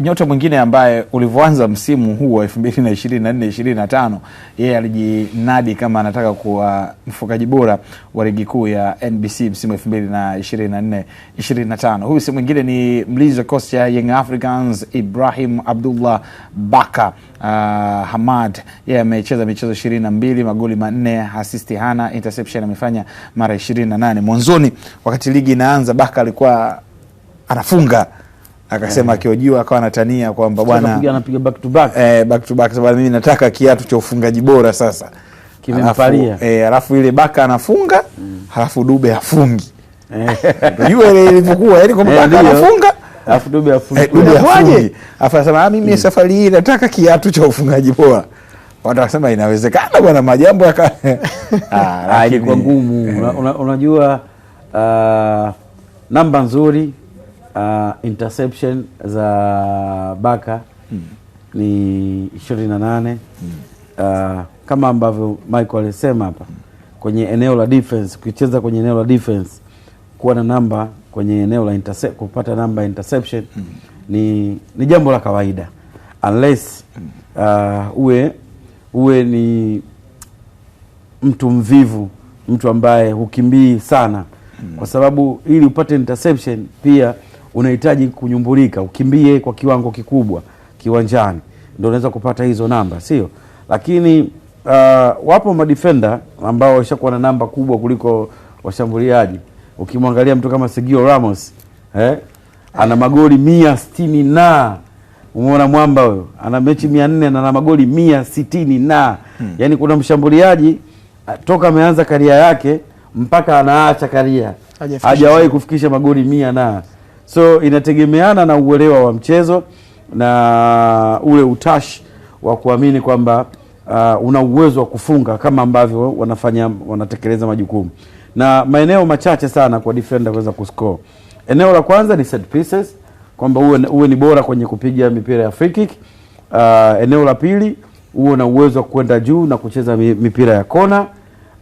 nyota mwingine ambaye ulivyoanza msimu huu wa elfu mbili na ishirini na nne ishirini na tano yeye alijinadi kama anataka kuwa mfungaji bora wa ligi kuu ya NBC msimu elfu mbili na ishirini na nne ishirini na tano Huyu si mwingine ni mlinzi wa kikosi cha Young Africans Ibrahim Abdullah Baka uh, ah, Hamad. Yeye amecheza michezo ishirini na mbili magoli manne, asisti hana, interception amefanya mara ishirini na nane. Mwanzoni wakati ligi inaanza, Baka alikuwa anafunga akasema eh. akiojiwa akawa anatania kwamba bwana anapiga back to back eh, back to back sababu mimi nataka kiatu cha ufungaji bora sasa kimempalia eh, alafu ile baka anafunga mm. halafu dube hafungi eh. ile ilivyokuwa yani kwamba eh, baka anafunga alafu dube afungi eh, dube ah, mimi mm. safari hii nataka kiatu cha ufungaji bora watu wanasema inawezekana bwana majambo yaka ah, ah ngumu unajua uh, namba nzuri uh, interception za Baka mm. ni ishirini na nane mm. uh, kama ambavyo Michael alisema hapa kwenye eneo la defense, ukicheza kwenye eneo la defense kuwa na namba kwenye eneo la intercept, kupata namba ya interception mm. ni, ni jambo la kawaida unless uh, uwe uwe ni mtu mvivu, mtu ambaye hukimbii sana mm. kwa sababu ili upate interception pia unahitaji kunyumbulika, ukimbie kwa kiwango kikubwa kiwanjani, ndio unaweza kupata hizo namba, sio? Lakini uh, wapo madifenda ambao washakuwa na namba kubwa kuliko washambuliaji. Ukimwangalia mtu kama Sergio Ramos eh, ana magoli mia sitini na umeona mwamba huyo ana mechi mia nne na ana magoli mia sitini na hmm. Yani kuna mshambuliaji uh, toka ameanza karia yake mpaka anaacha karia hajawahi kufikisha magoli mia na So inategemeana na uelewa wa mchezo na ule utashi wa kuamini kwamba uh, una uwezo wa kufunga kama ambavyo wanafanya wanatekeleza majukumu, na maeneo machache sana kwa defender kuweza kuscore. Eneo la kwanza ni set pieces, kwamba uwe, uwe ni bora kwenye kupiga mipira ya free kick. Uh, eneo la pili uwe na uwezo wa kwenda juu na kucheza mipira ya kona,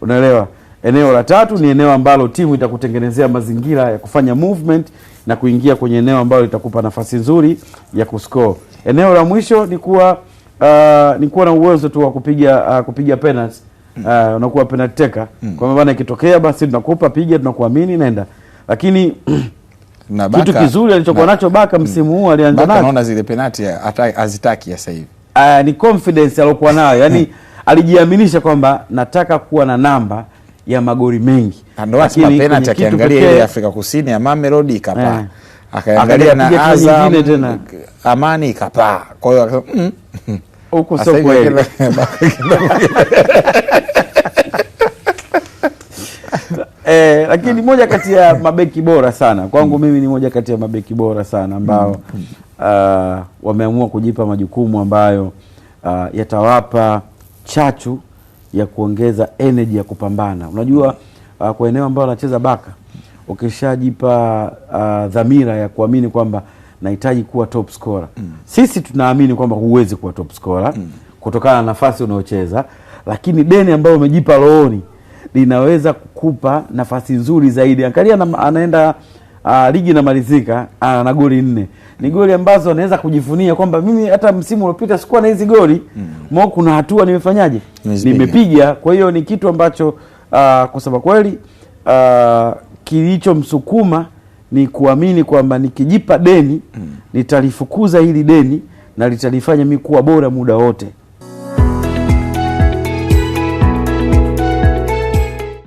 unaelewa. Eneo la tatu ni eneo ambalo timu itakutengenezea mazingira ya kufanya movement na kuingia kwenye eneo ambalo litakupa nafasi nzuri ya kuscore. Eneo la mwisho ni kuwa uh, ni kuwa na uwezo tu wa kupiga uh, kupiga penalty uh, unakuwa penalty taker mm. Kwa maana ikitokea basi tunakupa piga, tunakuamini naenda, lakini na baka, kitu kizuri alichokuwa na, nacho baka msimu huu alianza nacho, naona zile penalty azitaki sasa hivi uh, ni confidence aliyokuwa nayo yani alijiaminisha kwamba nataka kuwa na namba ya magori mengi. Penati akiangalia ile Afrika Kusini ya Mamelodi ikapaa eh, akaangalia na Azam tena Amani ikapaa, kwa hiyo akasema mm. huko sio kweli. Eh, lakini ah. moja kati ya mabeki bora sana kwangu mimi ni moja kati ya mabeki bora sana ambao uh, wameamua kujipa majukumu ambayo uh, yatawapa chachu ya kuongeza energy ya kupambana. Unajua uh, kwa eneo ambalo anacheza Baka ukishajipa uh, dhamira ya kuamini kwamba nahitaji kuwa top scorer mm. Sisi tunaamini kwamba huwezi kuwa top scorer mm. kutokana na nafasi unayocheza, lakini deni ambayo umejipa rohoni linaweza kukupa nafasi nzuri zaidi. Angalia na, anaenda aa, ah, ligi inamalizika ah, na goli nne ni goli ambazo anaweza kujivunia kwamba mimi hata msimu uliopita sikuwa na hizi goli mm. kuna hatua nimefanyaje, nimepiga. Kwa hiyo ni kitu ambacho ah, kwa sababu kweli kilichomsukuma ni kuamini kwamba nikijipa deni mm. nitalifukuza hili deni na litalifanya mimi kuwa bora muda wote.